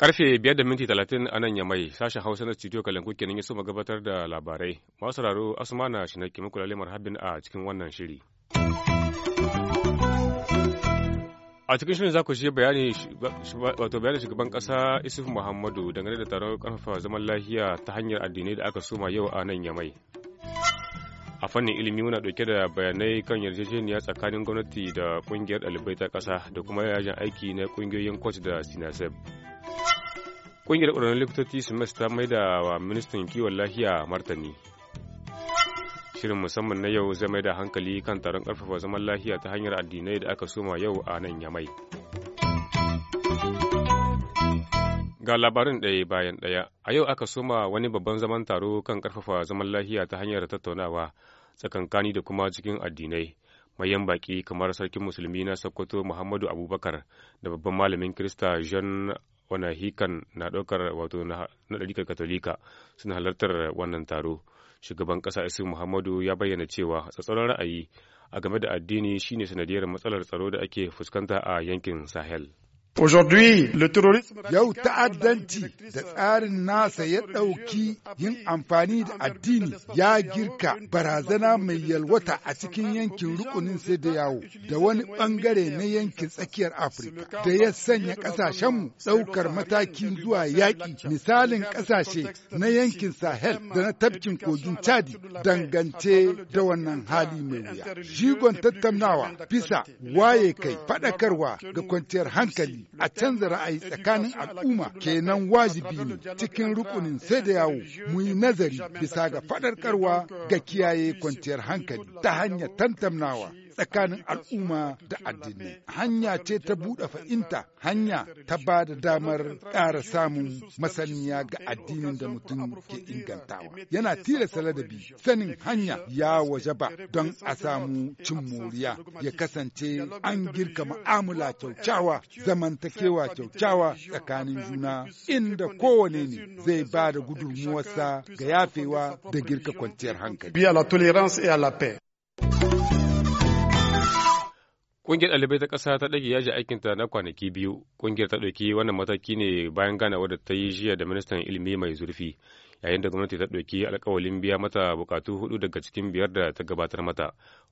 Karfe biyar da minti talatin a nan yamai sashen Hausa na studio Kalangu kenan ya soma gabatar da labarai. Masu raro Asmana Shinaki muku lalle marhabin a cikin wannan shiri. a cikin shirin za ku shi bayani wato bayanin shugaban kasa isuf muhammadu dangane da taron karfafa zaman lafiya ta hanyar addinai da aka soma yau a nan yamai a fannin ilimi muna dauke da bayanai kan yarjejeniya tsakanin gwamnati da kungiyar dalibai ta kasa da kuma yajin aiki na kungiyoyin coach da sinasep kungiyar ƙwararrun likitoci su mai da wa ministan kiwon lafiya martani Shirin musamman na yau zai mai da hankali kan taron karfafa zaman lafiya ta hanyar addinai da aka soma yau a nan Yamai. Ga labarin ɗaya bayan ɗaya, a yau aka soma wani babban zaman taro kan karfafa zaman lafiya ta hanyar tattaunawa tsakankani da kuma cikin addinai. mayan baki kamar sarkin musulmi na sokoto muhammadu abubakar da babban malamin kirista jean wanahikan na ɗaukar wato na ɗarikar katolika suna halartar wannan taro shugaban ƙasa isu muhammadu ya bayyana cewa tsatsauran ra'ayi a game da addini shine sanadiyar matsalar tsaro da ake fuskanta a yankin sahel Yau ta'addanci da tsarin nasa ya ɗauki yin amfani da addini ya girka barazana mai yalwata a cikin yankin rukunin sai da yawo da wani ɓangare na yankin tsakiyar Afirka da ya sanya ƙasashenmu ɗaukar matakin zuwa yaƙi misalin ƙasashe na yankin Sahel da na tafkin kogin Chadi dangance da wannan hali mai wuya. shigon tattaunawa bisa waye kai euh, faɗakarwa ga kwanciyar hankali a canza ra'ayi tsakanin al'umma kenan wajibi ne cikin rukunin sai da yawo mu yi nazari bisa ga faɗarkarwa ga kiyaye kwanciyar hankali ta hanyar tantamnawa tsakanin al'umma da addini hanya ce ta buɗe fahimta hanya ta ba da damar ƙara samun masaniya ga addinin da mutum ke ingantawa yana tilasta ladabi sanin hanya ya waje ba don a samu cin moriya ya kasance an girka ma'amula kyaukyawa zamantakewa kyaukyawa tsakanin juna inda kowane ne zai ba da gudunmuwarsa ga yafewa da girka kwanciyar hankali. la Ƙungiyar ɗalibai ta ƙasa ta ɗage yaji aikinta na kwanaki biyu. Ƙungiyar ta ɗauki wannan mataki ne bayan ganawa da ta yi jiya da ministan ilimi mai zurfi. yayin da gwamnati ta ɗauki alkawalin biya mata bukatu hudu daga cikin biyar da ta gabatar mata.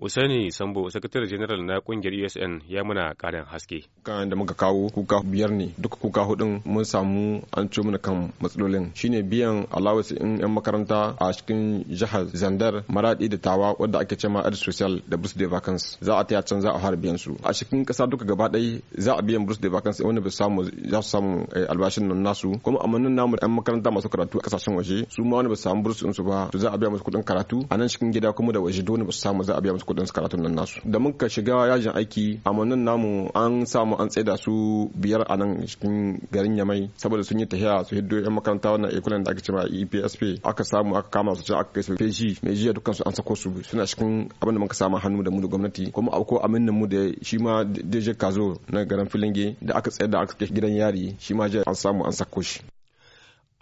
Usaini Sambo, sakatare general na kungiyar USN ya muna ƙarin haske. Kan da muka kawo kuka biyar ne, duka kuka hudun mun samu an ci mana kan matsalolin. Shine biyan allowance in 'yan makaranta a cikin jihar Zandar, Maradi da Tawa wadda ake cema Ed Social da Bruce de Vacance. Za a taya can za a fara biyan su. A cikin ƙasa duka gaba ɗaya za a biyan Bruce de Vacance wanda ba su samu eh, albashin nan nasu. Kuma amannin namu 'yan makaranta masu karatu a ƙasashen waje. waje su ma wani ba su samu bursun su ba to za a biya musu kudin karatu a nan cikin gida kuma da waje dole ba su samu za a biya musu kudin karatu nan nasu da mun ka shiga yajin aiki a nan namu an samu an tsaida su biyar a nan cikin garin Yamai saboda sun yi tahiya su hiddo yan makaranta wannan ekulan da aka ce ma EPSP aka samu aka kama su ce aka kai su feji mai jiya dukkan su an sako su suna cikin abin da muka samu hannu da mu da gwamnati kuma akwai aminin mu da shi ma DJ Kazo na garin Filinge da aka tsaida a aka gidan yari shi ma jiya an samu an sako shi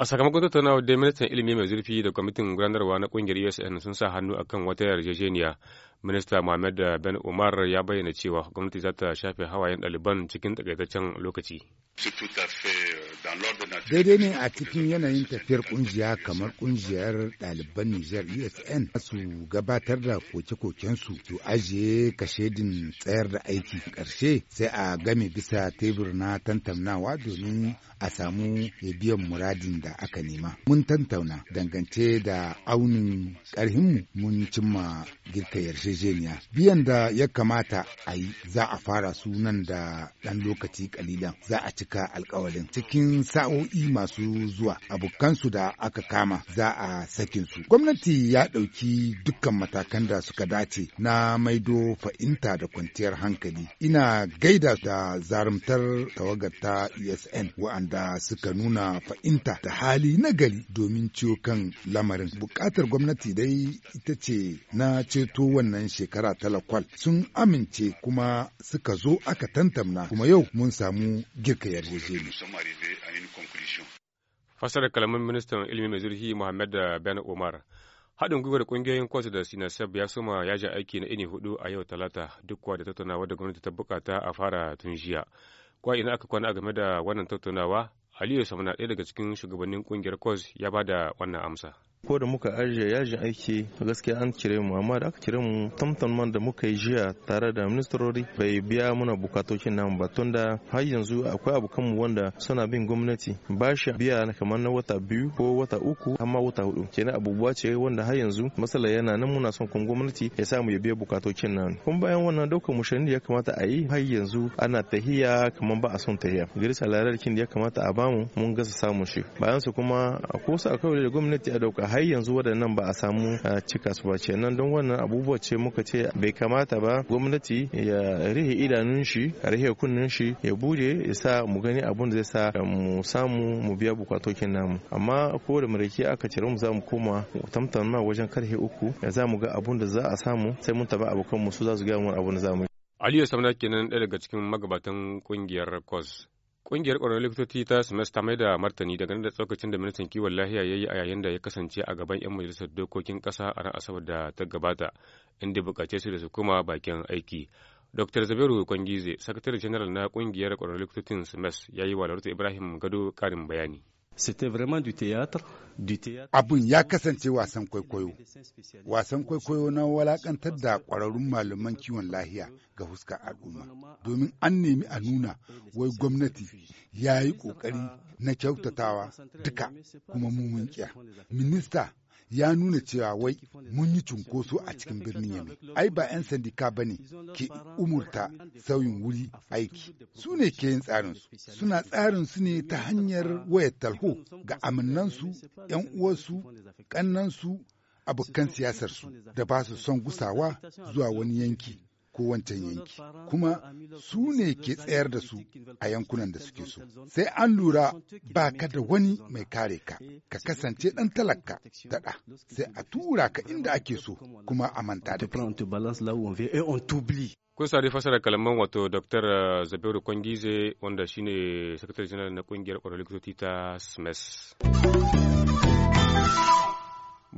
A sakamakon tattaunawar da ministan ilimi mai zurfi da kwamitin gudanarwa na kungiyar USN sun sa hannu akan wata yarjejeniya. Minista Mohamed Ben Umar ya bayyana cewa gwamnati za ta shafe hawayen ɗaliban cikin takaitaccen lokaci. Daidai ne a cikin yanayin tafiyar kungiya kamar kungiyar ɗaliban Nijar USN su gabatar da koke-kokensu su ajiye kashedin tsayar da aiki. Ƙarshe sai a game bisa tebur na tantamnawa domin a samu biyan muradin da aka nema. Mun tantauna dangance da aunin ƙarhinmu mun cimma girka yarjejeniya. Biyan da ya kamata a yi za a fara sunan da ɗan lokaci ƙalilan za a cika alƙawarin cikin sa'o'i masu zuwa abokansu da aka kama za a sakin su. Gwamnati ya ɗauki dukkan matakan da suka dace na maido fa'inta da kwanciyar hankali. Ina gaida da zarumtar tawagar ta esn wa'anda waɗanda suka nuna fa'inta ta hali na gari domin ciwo kan lamarin. buƙatar gwamnati dai ita ce na ceto wannan shekara talakwal sun amince kuma suka zo aka tantamna kuma yau mun samu girka Fasarar kalamin ministan ilimi mai zurfi Muhammad Ben Omar. haɗin gwiwar ƙungiyoyin kwas da sinasab ya soma ji aiki na ini hudu a yau talata duk da tattaunawa da gwamnati ta bukata a fara tun jiya kwa ina aka kwana game da wannan tattaunawa, Aliyu samana ɗaya daga cikin shugabannin ƙungiyar COS ya ba da wannan amsa. ko da muka ajiye yajin aiki gaskiya an cire mu amma da aka cire mu tamtamman da muka yi jiya tare da ministrori bai biya muna bukatocin namu ba tunda har yanzu akwai abokan mu wanda suna bin gwamnati shi biya kamar na wata biyu ko wata uku amma wata hudu kenan abubuwa ce wanda har yanzu masala yana nan muna son kun gwamnati ya sa mu ya biya bukatokin nan kun bayan wannan daukar mushirin da ya kamata a yi har yanzu ana tahiya kamar ba a son tahiya girsa lararkin da ya kamata a bamu mun gasa samun shi bayan su kuma a kosa kawai da gwamnati a dauka har yanzu waɗannan ba a samu cika su ba kenan don wannan abubuwa ce muka ce bai kamata ba gwamnati ya rihe idanun shi a rihe kunnen shi ya bude ya sa mu gani abun zai sa mu samu mu biya bukatokin namu amma ko da mareki aka cire mu za mu koma tamtama wajen karhe uku za mu ga abun da za a samu sai mun taba abokan mu su za su gaya mu abun da za mu Aliyu Samna kenan ɗaya daga cikin magabatan ƙungiyar COS. Ƙungiyar ƙwararrun likitoci ta SMS ta mai da martani dangane da tsokacin da ministan kiwon lafiya ya yi a yayin da ya kasance a gaban 'yan majalisar dokokin ƙasa a ran asabar da ta gabata, inda buƙace su da su kuma bakin aiki. Dr. Zabiru Kwangize, sakatare janar na ƙungiyar ƙwararrun likitocin SMS, ya yi wa Ibrahim Gado ƙarin bayani. Abun ya kasance wasan kwaikwayo, wasan kwaikwayo na walakantar da ƙwararrun malaman kiwon lahiya ga huska al'umma, domin an nemi a nuna wai gwamnati ya yi ƙoƙari na kyautatawa duka kuma mumun Minista ya nuna cewa wai mun yi cunkoso a cikin birnin Yamai. Ai ba 'yan sandika ba ne ke umurta sauyin wuri aiki. Su ne ke yin tsarinsu. Suna tsarin su ne ta hanyar wayar talho ga aminansu, 'yan uwarsu, kannansu abokan siyasarsu da ba su son gusawa zuwa wani yanki kowancan yanki kuma su ne ke tsayar da su a yankunan da suke so sai an lura ba ka da wani mai kare ka ka kasance ɗan talaka daɗa sai a tura ka inda ake so kuma a manta da kun sari fasara kalaman wato dr eh, zabiru kwangize wanda shine sakatare janar na kungiyar ƙwararrun likitoci ta smes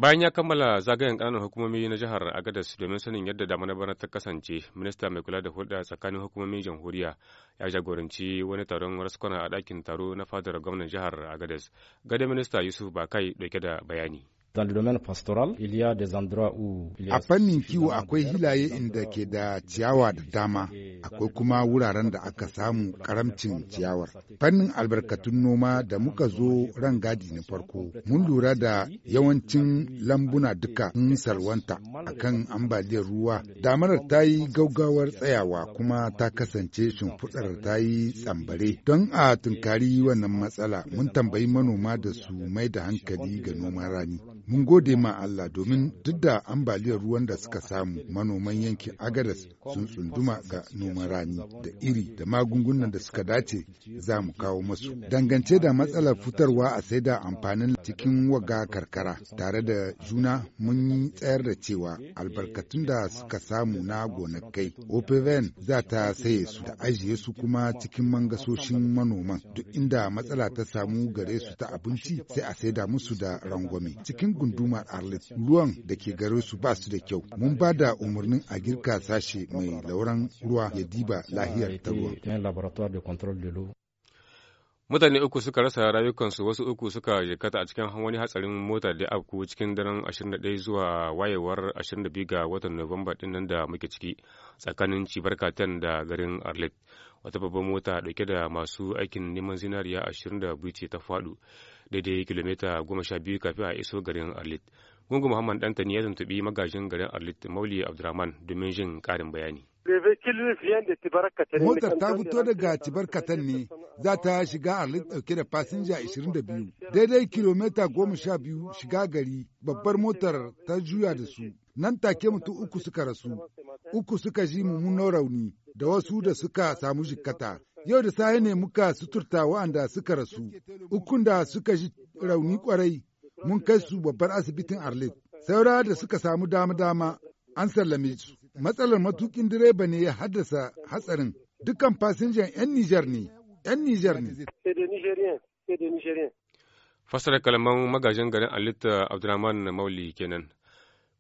Bayan ya kammala zagayen ƙananan hukumomi na jihar Agadas domin sanin yadda damar bana ta kasance, minista mai kula da hulɗa tsakanin hukumomin jamhuriya ya jagoranci wani taron raskwana a ɗakin taro na fadar gwamnan jihar Agadas. Gada minista Yusuf Bakai ɗauke da bayani. Dans le domaine pastoral, il y a des endroits où a fannin kiwo akwai hilaye inda ke da euh, ciyawa da dama, akwai kuma wuraren da aka samu karamcin ciyawar. Fannin albarkatun noma da muka zo ran gadi na farko, mun lura da yawancin lambuna duka sun salwanta akan ambaliyar ruwa. Damarar ta yi gaugawar tsayawa kuma ta kasance shimfiɗar ta yi tsambare. Don a tunkari wannan matsala, mun tambayi manoma da su mai da hankali ga noman rani. Mun gode ma Allah domin duk da ambaliyar ruwan da suka samu manoman yankin Agadas sun tsunduma ga noman rani da iri da magungunan da suka dace za mu kawo masu. Dangance da matsalar fitarwa a sai da amfanin cikin waga karkara tare da juna mun yi tsayar da cewa albarkatun da suka samu na gonakai. OPVN za ta saye su da ajiye su kuma cikin mangasoshin manoman duk inda matsala ta samu gare su ta abinci sai a saida musu da rangwame. Cikin gundumar Arlet ruwan da ke gare su ba su da kyau. Mun ba da umarnin a girka sashe mai lauran ruwa ya diba lahiyar ta ruwa Mutane uku suka rasa rayukansu wasu uku suka jikata a cikin wani hatsarin mota da abu cikin daren 21 zuwa wayewar 22 ga watan Nuwamba din nan da muke ciki tsakanin Cibarkatan da garin Arlet. Wata babban mota dauke da masu aikin neman zinariya 22 ce ta fadu daidai kilomita 12 kafin a iso garin Arlet. Gungu Muhammad Dantani ya tuntubi magajin garin Arlit Mauli Abdurrahman domin jin karin bayani. Motar ta fito daga katan ne za ta shiga Arlit ɗauke da fasinja 22. Daidai kilomita goma sha biyu shiga gari babbar motar ta juya da su. Nan take mutum uku suka rasu, uku suka ji mummunan rauni da wasu da suka samu jikata. Yau da safe ne muka suturta wa'anda suka rasu, ukun da suka ji rauni kwarai mun kai su babbar asibitin Arlit. Saura da suka samu dama-dama an sallame su. Matsalar matukin direba ne ya haddasa hatsarin. Dukkan fasinjan 'yan Nijar ne. 'yan Nijar ne. Fasar kalaman magajin garin Alita Abdulrahman Mauli kenan.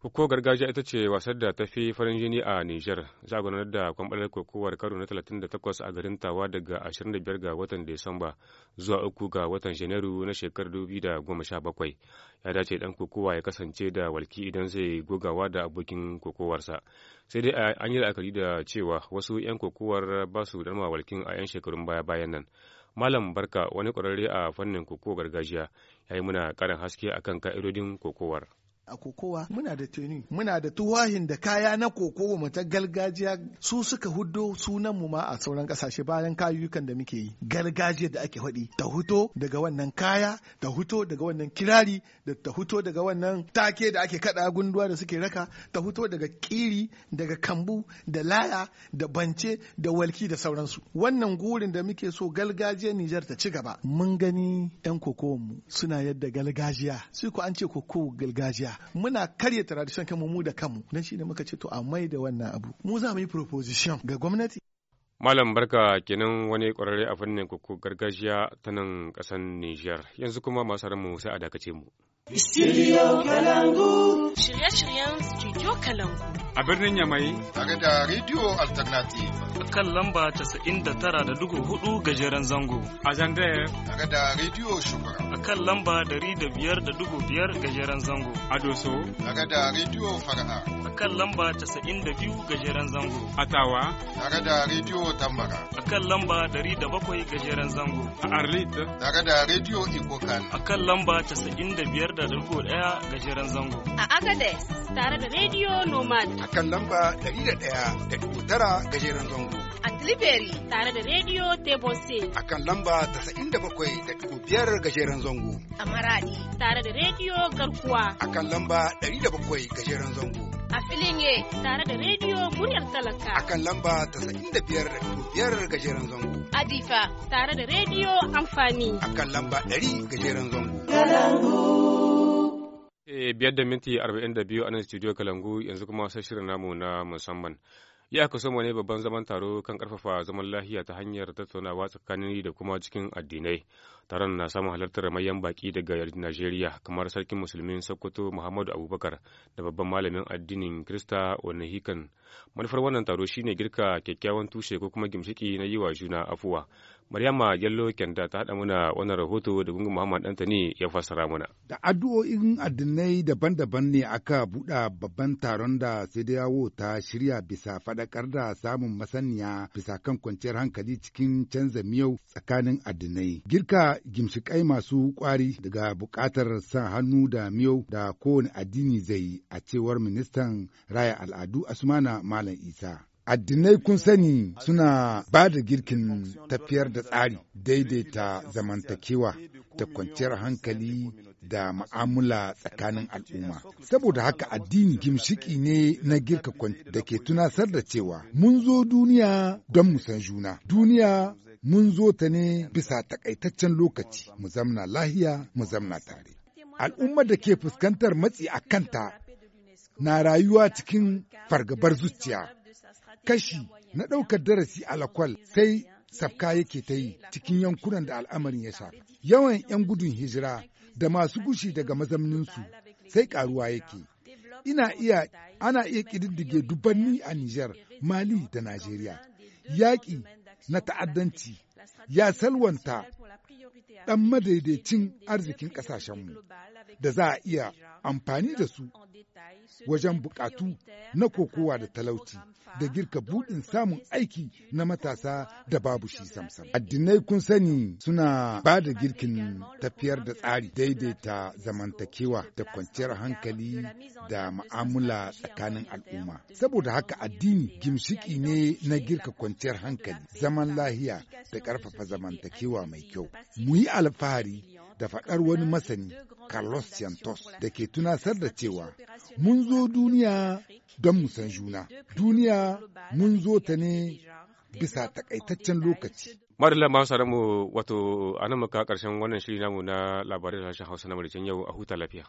Koko gargajiya ita ce wasar da ta fi farin jini a Nijar. Za a gudanar da kwamɓalar kokowar karo na 38 a garin Tawa daga 25 ga watan Disamba zuwa 3 ga watan Janairu na shekarar 2017. Ya dace dan kokowa ya kasance da walki idan zai gogawa da abokin kokowarsa. Sai dai an yi la'akari da cewa wasu 'yan kokowar ba su dama walkin a 'yan shekarun baya-bayan nan. Malam Barka wani ƙwararre a fannin kokowar gargajiya ya yi muna ƙarin haske akan ka'idodin kokowar. a kokowa muna da tuni, muna da tuwahin da kaya na kokowa mata galgajiya gargajiya su suka huddo sunan mu ma a sauran kasashe bayan kayukan da muke yi gargajiya da ake faɗi ta huto daga wannan kaya ta huto daga wannan kirari da ta huto daga wannan take da ake kada gunduwa da suke raka ta huto daga kiri daga kambu da laya da bance da walki da sauransu wannan gurin da muke so gargajiyar Nijar ta ci gaba mun gani yan mu suna yadda gargajiya su ko an ce kokowa gargajiya muna karya tradition kanmu mu da kanmu dan shi muka ce to a mai da wannan abu mu za mu yi proposition ga gwamnati Malam barka kenan wani ƙwararre a fannin kuku gargajiya ta nan ƙasar Nijar yanzu kuma masu mu sai a dakace mu. Studio Kalangu. Shirye-shiryen Studio Kalangu. A birnin Yamai. Tare da Radio Alternative. kan lamba 99.4 gajeren zango. A Zandaya. Tare da Radio Shugura. A kan lamba 105.5 gajeren zango. A Doso. Tare da Radio Fara'a. A kan lamba 92 gajeren zango. A Tawa. Tare da Radio Tambara. A kan lamba 107 gajeren zango. A Arlit. Tare da Radio Ikokan. A kan lamba 95.1 gajeren zango. A Agades. Tare da Radio Nomad. A kan lamba 101.9 gajeren zango. mu a Tilibiri tare da Radio Tebose a kan lamba 97.5 gajeren zango. A Maradi tare da Radio Garkuwa a kan lamba 107 gajeren zango. A Filinge tare da Radio Muryar Talaka a kan lamba 95.5 gajeren zango. A Difa tare da Radio Amfani a kan lamba 100 gajeren zango. Kalangu. Eh, biyar da minti arba'in da biyu a nan studio kalangu yanzu kuma sai shirin namu na musamman Ya kusa soma ne babban zaman taro kan karfafa zaman lafiya ta hanyar tattaunawa tsakanin da kuma cikin addinai. Taron na samun halartar mayan baki daga Najeriya kamar sarkin musulmin Sokoto Muhammadu Abubakar da babban malamin addinin Krista hikan Manufar wannan taro shine girka kyakkyawan tushe ko kuma gimshiki na yi wa juna afuwa. Maryama Jallo Kenta ta haɗa mana wannan rahoto da gungun Muhammad Dantani ya fassara mana. Da addu'o'in addinai daban-daban ne aka buɗa babban taron da sai da yawo ta shirya bisa faɗakar da samun masaniya bisa kan kwanciyar hankali cikin canza miyau tsakanin addinai. Girka gimshikai masu ƙwari daga buƙatar san hannu da miyau da kowane addini zai a cewar ministan raya al'adu Asmana Malam Isa. addinai kun sani suna ba da girkin tafiyar da tsari daidaita zamantakewa da kwanciyar hankali da ma'amula tsakanin al'umma. Saboda haka addini gimshiki ne na girka da ke tunasar da cewa mun zo duniya don mu san juna. Duniya mun zo ta ne bisa takaitaccen lokaci mu zamna lahiya mu zamna tare. Al'ummar da ke fuskantar matsi a kanta na rayuwa cikin fargabar zuciya kashi na ɗaukar darasi a lakwal sai safka yake ta yi cikin yankunan da al'amarin ya shafa. Yawan 'yan gudun hijira da masu gushi daga mazamninsu sai karuwa yake. Ina iya ana iya ƙididdige dubanni a Nijar, Mali da Najeriya. Yaƙi na ta'addanci ya salwanta ɗan madaidaicin arzikin ƙasashenmu da za a iya amfani da su wajen buƙatu na kokowa da talauci da girka buɗin samun aiki na matasa da babu shi samsam. Addinai kun sani suna ba da girkin tafiyar da tsari daidaita zamantakewa da kwanciyar hankali da ma'amula tsakanin al'umma. Saboda haka addini gimshiki ne na girka kwanciyar hankali, zaman lahiya da ƙarfafa zamantakewa mai kyau. kyau. Mu yi alfahari da faɗar wani masani, Carlos Santos, da ke tunasar da cewa mun zo duniya don mu san juna. Duniya mun zo ta ne bisa takaitaccen lokaci. Madalla masu mu wato a muka karshen wannan shiri namu na labarai da sashen Hausa na Maricin yau a huta lafiya.